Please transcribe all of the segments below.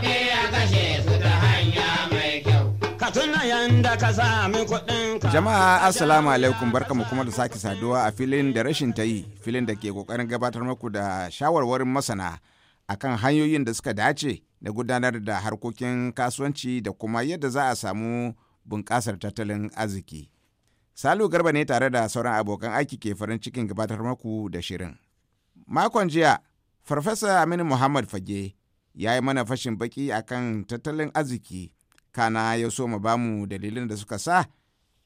kuɗi a kashe su Jama'a Assalamu alaikum barkamu kuma da sake saduwa a filin da rashin ta yi filin da ke kokarin gabatar maku da shawarwarin masana a kan hanyoyin da suka dace da gudanar da harkokin kasuwanci da kuma yadda za a samu bunƙasar tattalin arziki. Salu Garba ne tare da sauran abokan aiki ke farin cikin gabatar maku da shirin. Makon jiya, Farfesa Aminu Muhammad Fage ya yi mana fashin baki akan tattalin arziki kana ya so mu bamu dalilin da suka sa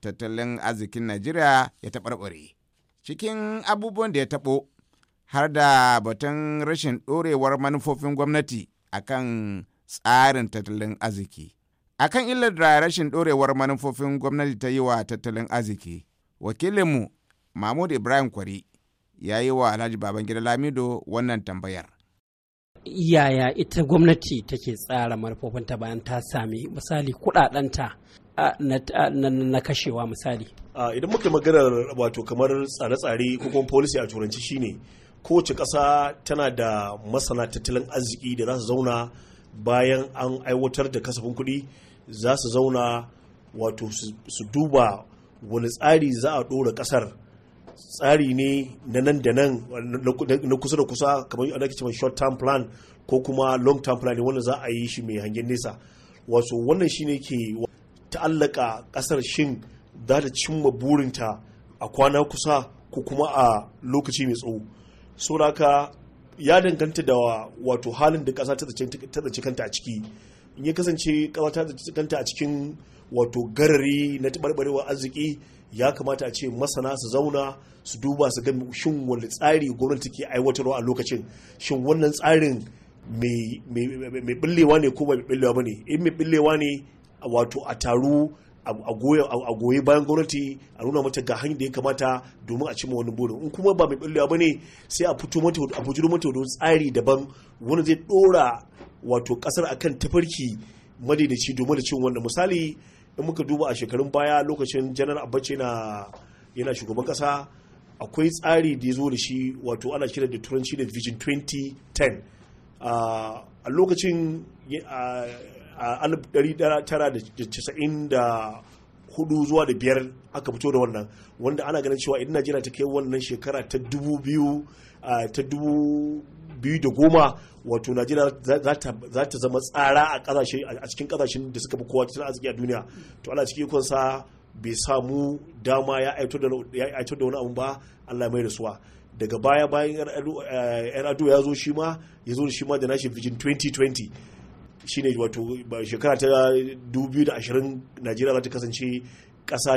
tattalin arzikin najeriya ya taɓarɓare cikin abubuwan da ya taɓo har da batun rashin ɗorewar manufofin gwamnati akan tsarin tattalin arziki akan illar da rashin ɗorewar manufofin gwamnati ta yi wa tattalin arziki wakilinmu mahmud ibrahim kwari ya yi wa alhaji babangida lamido wannan tambayar Iyaya ita gwamnati take tsara manufofinta bayan ta sami misali kudadanta na kashewa misali idan muke maganar wato kamar tsare-tsare ko kuma policy a turanci shine kowace ƙasa tana da masana tattalin arziki da za su zauna bayan an aiwatar da kasafin kuɗi za su zauna wato su duba wani tsari za a ɗora ƙasar tsari ne na nan da nan na kusa da kusa kamar yadda ake cewa short term plan ko kuma long term plan ne wanda za a yi shi mai hangen nesa wato wannan shine ke ta'allaka kasar shin za ta cimma burinta a kwana kusa ko kuma a lokaci mai tsawo saboda ya danganta da wato halin da kasa ta tsaci kanta a ciki in ya kasance kasa ta tsaci kanta a cikin wato garari na taɓarɓarewar arziki ya kamata a ce masana su zauna su duba su ga shin wani tsari gwamnati ke aiwatarwa a lokacin shin wannan tsarin mai billewa ne ko mai billewa ba ne in mai billewa ne wato a taru a goyi bayan gwamnati a nuna mata ga hanyar da ya kamata domin a cimma wani burin in kuma ba mai billewa ba ne sai a fito mata wani tsari daban wani zai dora wato kasar akan tafarki madaidaci domin da cin wannan misali in muka duba a shekarun baya lokacin janar abace na yana shugaban kasa akwai tsari da ya zo da shi wato ana kira da turanci da vision 2010 a lokacin hudu zuwa da biyar aka fito da wannan wanda ana ganin cewa idan najeriya ta kai wannan shekara ta dubu biyu ta dubu biyu da goma wato najeriya za ta zama tsara a a cikin kasashen da suka fi kowa cikin arziki a duniya to ana cikin ikon sa bai samu dama ya aito da wani abu ba allah mai suwa daga baya bayan yar ado eh, ya zo shi ma ya zo shi ma da nashi vision 2020 shine wato shekara ta 2020 najeriya za ta kasance kasa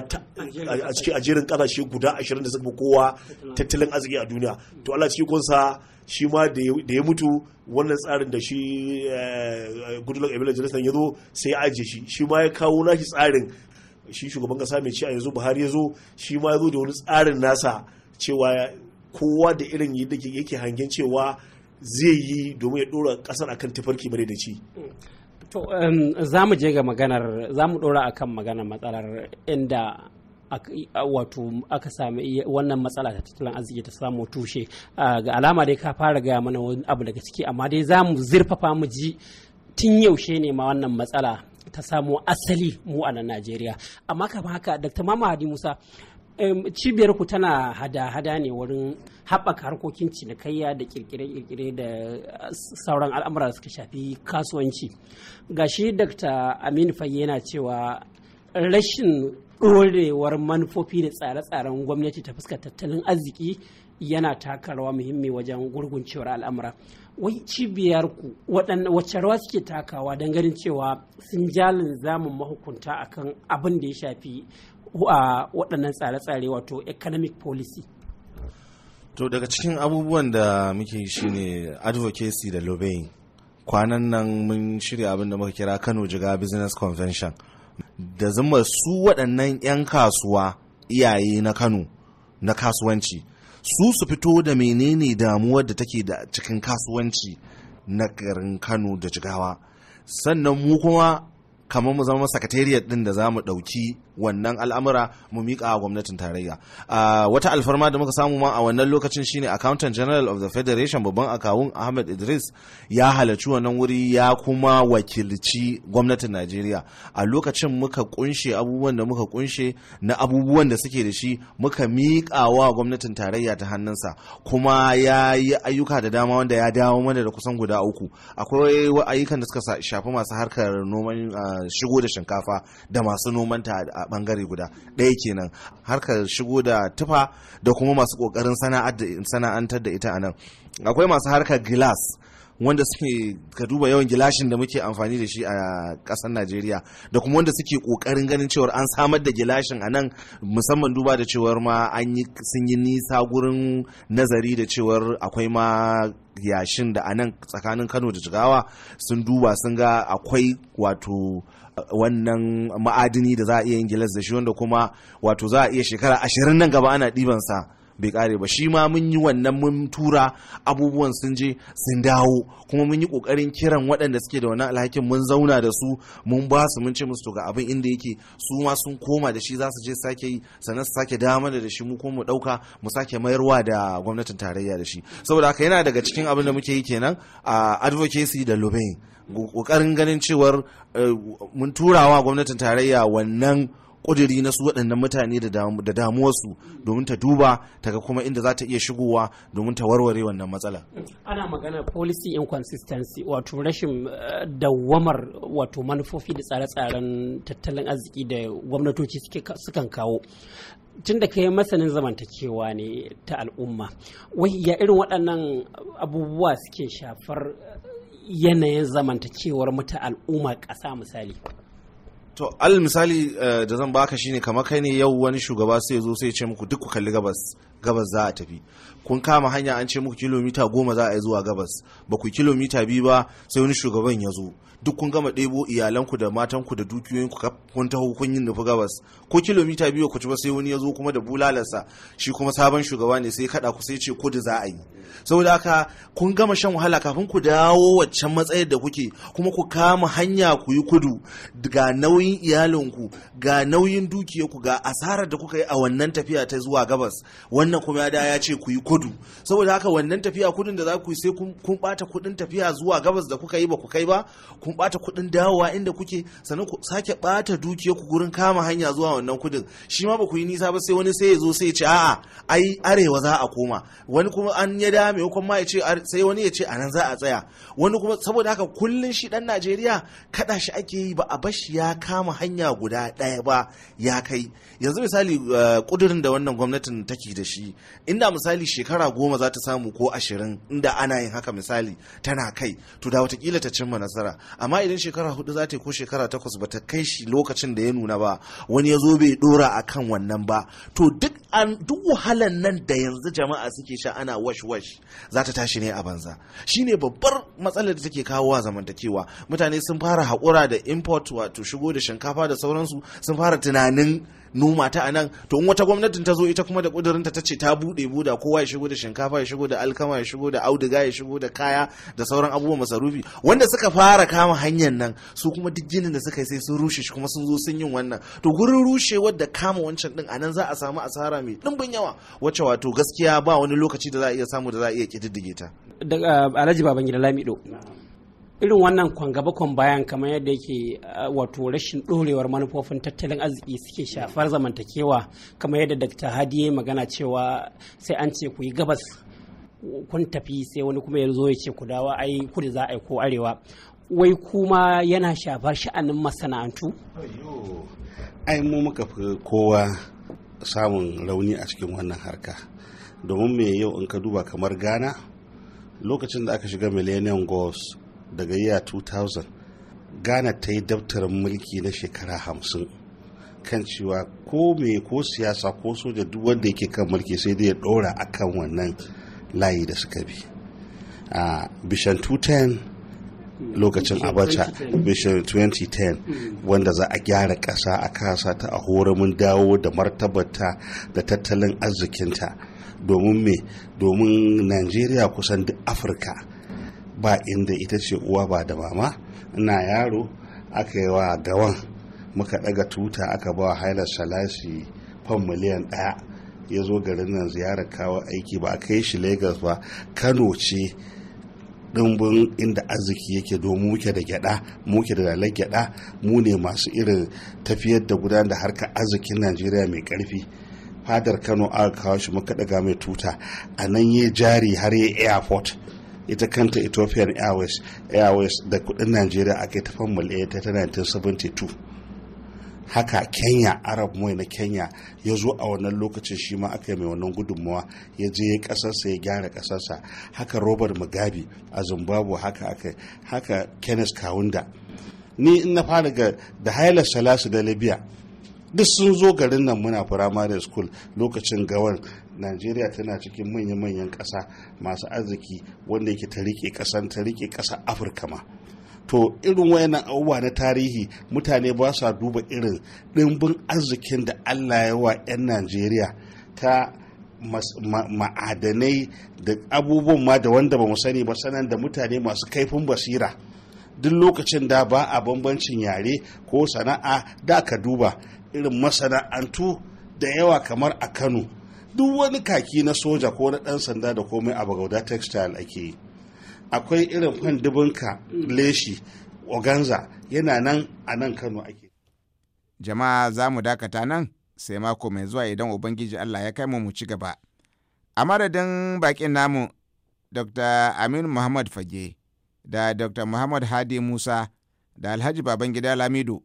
a cikin ajerin kasashe guda 20 da suka kowa tattalin arziki a duniya to Allah cikin kunsa shi ma da ya mutu wannan tsarin da shi eh, goodluck ebele jonathan ya zo sai ya ajiye shi shi ma ya kawo nashi tsarin shi shugaban kasa mai ci a yanzu buhari ya zo shi ma ya zo da wani tsarin nasa cewa kowa da irin yadda yake hangen cewa zai yi domin ya dora kasar akan tafarki bare da ci to za mu je ga maganar za mu dora akan maganar matsalar inda wato aka sami wannan matsala ta tattalin arziki ta samu tushe ga alama dai ka fara gaya mana wani abu daga ciki amma dai za mu zurfafa mu ji tun yaushe ne ma wannan matsala ta samu asali mu a nan najeriya amma kama haka dr mamadi musa cibiyar ku tana hada-hada ne wurin haɓaka harkokin cinikayya da kirkire-kirkire da uh, sauran al'amura da suka shafi kasuwanci gashi dr aminu fayye yana cewa rashin ɗorewar manufofi da tsare-tsaren gwamnati ta fuskar tattalin arziki yana taka rawa muhimmi wajen gurguncewar al'amura wai cibiyar ku wacce rawa suke takawa don ganin cewa sun jalin zamun mahukunta akan abin da ya shafi a waɗannan tsare-tsare wato economic policy to daga cikin abubuwan da muke shine advocacy da lobbying kwanan nan mun shirya abin da muka kira kano jiga business convention da zama su waɗannan 'yan kasuwa iyaye na kano na kasuwanci su su fito da menene damuwar da take da cikin kasuwanci na garin kano da jigawa sannan mu kuma kamar mu zama sakatariyar din da za mu ɗauki wannan al'amura mu miƙa a gwamnatin tarayya wata alfarma da muka samu ma a wannan lokacin shine accountant general of the federation babban akawun ahmed idris ya halarci wannan wuri ya kuma wakilci gwamnatin najeriya a lokacin muka kunshe abubuwan da muka kunshe na abubuwan da suke da shi muka miƙa wa gwamnatin tarayya ta hannunsa kuma ya yi ayyuka da dama wanda ya dawo mana da kusan guda uku akwai ayyukan da suka shafi masu harkar noman shigo da shinkafa da masu noman ta a bangare guda ɗaya kenan harkar shigo da tufa da kuma masu ƙoƙarin sana'antar da ita a nan akwai masu harkar gilas wanda suke ka duba yawan gilashin da muke amfani da shi a kasar najeriya da kuma wanda suke kokarin ganin cewar an samar da gilashin a nan musamman duba da cewar ma an yi sun yi nisa gurin nazari da cewar akwai ma yashin da a nan tsakanin kano da jigawa sun duba sun ga akwai wato uh, wannan ma'adini da za a iya yin gilas da shi wanda kuma wato za a iya shekara ashirin nan gaba ana ɗibansa bai kare ba shi ma mun yi wannan mun tura abubuwan sun je sun dawo kuma mun yi kokarin kiran waɗanda suke da wannan alhakin mun zauna da su mun ba su mun ce musu to ga abin inda yake su ma sun koma da shi za su je sake yi sannan su sake dama da shi mu kuma mu dauka mu sake mayarwa da gwamnatin tarayya da shi saboda haka yana daga cikin abin da muke yi kenan a advocacy da lobbying kokarin ganin cewar eh, mun turawa gwamnatin tarayya wannan Kuduri na su waɗannan mutane da damuwarsu domin ta duba ta ga kuma inda za ta iya shigowa domin ta warware wannan matsala. Ana magana policy inconsistency wato rashin eh, dawamar wato manufofi da tsare-tsaren tattalin arziki da gwamnatoci sukan kawo. tun da kai masanin zamantakewa ne ta al'umma wai ya irin waɗannan abubuwa suke shafar yanayin zamantakewar muta al'umma ƙasa misali to al misali eh, da zan baka shine kamar kai ne yau wani shugaba sai zo sai ce muku duk ku kalli gabas gabas za a tafi kun kama hanya an ce muku kilomita goma za a yi zuwa gabas ba ku kilomita biyu ba sai wani shugaban ya zo duk kun gama ɗebo iyalanku da matanku da dukiyoyinku kun taho kun yi nufi gabas ko kilomita biyu ku ci ba sai wani ya zo kuma da bulalarsa shi kuma sabon shugaba ne sai kaɗa ku sai ce kudu za a yi saboda haka kun gama shan wahala kafin ku dawo waccan matsayar da kuke kuma ku kama hanya ku yi kudu ga nauyin iyalinku ga nauyin dukiyarku ga asarar da kuka yi a wannan tafiya ta zuwa gabas wannan kuma ya da ya ce ku yi kudu saboda haka wannan tafiya kudin da za ku yi sai kun bata kudin tafiya zuwa gabas da kuka yi ba ku kai ba kun bata kuɗin dawowa inda kuke sannan ku sake bata dukiyarku ku gurin kama hanya zuwa wannan kudin shi ma ba ku yi nisa ba sai wani sai ya zo sai ya ce a'a ai arewa za a koma wani kuma an ya da ko kuma ya ce sai wani ya ce anan za a tsaya wani kuma saboda haka kullun shi dan Najeriya kada shi ake yi ba a shi ya kama hanya guda daya ba ya kai yanzu misali kudurin eh, da wannan gwamnatin take da shi inda misali shekara goma za ta samu ko ashirin inda ana yin haka misali tana kai to da watakila ta cimma nasara amma idan shekara hudu za ta ko shekara takwas ba ta kai shi lokacin da ya nuna ba wani ya zo bai dora a kan wannan ba to duk an duk wahalan nan da yanzu jama'a suke sha ana wash wash za ta tashi ne a banza shi ne babbar matsalar da take kawo wa zamantakewa mutane sun fara haƙura da import wato shigo da shinkafa da sauransu sun fara tunanin noma ta anan to in wata gwamnatin ta zo ita kuma da kudurinta ta ce ta buɗe buda kowa ya shigo da shinkafa ya shigo da alkama ya shigo da auduga ya shigo da kaya da sauran abubuwan masarufi wanda suka fara kama hanyar nan su kuma duk ginin da suka yi sai sun rushe shi kuma sun zo sun yin wannan to gurin rushewar da kama wancan din anan za a samu asara mai dimbin yawa wacce wato gaskiya ba wani lokaci da za a iya samu da za a iya kididdige ta alhaji babangida lamido irin wannan kwangabakon bayan kamar yadda yake uh, wato rashin dorewar manufofin tattalin arziki suke shafar zamantakewa kamar yadda dr hadi ya magana cewa sai an ce ku yi gabas kun tafi sai wani kuma ya zo ya ce ku dawo ai kudu za a yi ko arewa wai kuma yana shafar sha'anin masana'antu ai mu muka fi kowa samun rauni a cikin wannan harka domin me yau in ka duba kamar ghana lokacin da aka shiga millennium goals daga yiya 2000 ghana ta yi daftarin mulki na shekara hamsin kan cewa ko me ko siyasa ko soja duk wanda yake kan mulki sai dai ya ɗora kan wannan layi da suka bi a bishan 2010 lokacin abacha bishan 2010 mm. wanda za a gyara ƙasa a kasa ta a horamin dawo da martabata da tattalin arzikinta domin me domin najeriya kusan duk afirka ba inda ita ce uwa ba da mama ina yaro aka yi wa gawan muka daga tuta aka ba wa hailar salashi fan miliyan daya ya zo garin nan ziyarar kawo aiki ba a kai shi lagos ba kano ce dimbin inda arziki yake domin muke da gyada muke da dalar gyada mu ne masu irin tafiyar da gudanar da harkar arzikin najeriya mai karfi fadar kano aka kawo shi muka daga mai tuta a nan ya jari har ya airport ita kanta ethiopian airways airways da kudin najeriya aka yi ta A ta 1972 haka kenya arab mai na kenya ya zo a wannan lokacin shi ma aka yi mai wannan gudunmawa ya je ya kasarsa ya gyara kasarsa haka robert mugabe a zimbabwe haka aka haka kenneth kawunda ni in na fara ga da hailar salasu da libya duk sun zo garin nan muna firamare school lokacin gawar. najeriya tana cikin manya-manyan ƙasa masu arziki wanda yake ta rike ƙasan ta rike ƙasa afirka ma to irin wayannan abubuwa na tarihi mutane ba sa duba irin ɗimbin arzikin da allah ya wa 'yan najeriya ta ma'adanai da abubuwan ma da wanda ba mu sani ba sanan da mutane masu kaifin basira duk lokacin da ba a bambancin yare ko sana'a da ka duba irin masana'antu da yawa kamar a kano duk wani kaki na soja ko na ɗan sanda da komai a bagauda textile ake yi akwai irin kwandubinka leshi oganza yana nan a nan kano ake jama'a za mu dakata nan sai mako mai zuwa idan ubangiji allah ya kai mu mu ci gaba a madadin bakin namu dr aminu muhammad fage da dr muhammad hadi musa da alhaji babangida lamido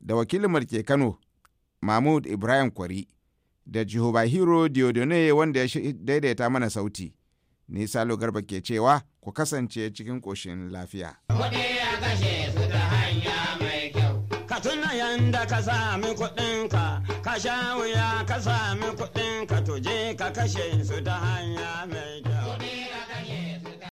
da wakilin marke kano mahmud ibrahim kwari da Hero Diodone wanda ya daidaita mana sauti. Ni Salo Garba ke cewa ku kasance cikin ƙoshin lafiya. ya kashe su ta Ka tuna yanda ka sami kuɗinka, ka sha wuya ka sami kuɗinka tuje ka kashe su ta hanya mai kyau.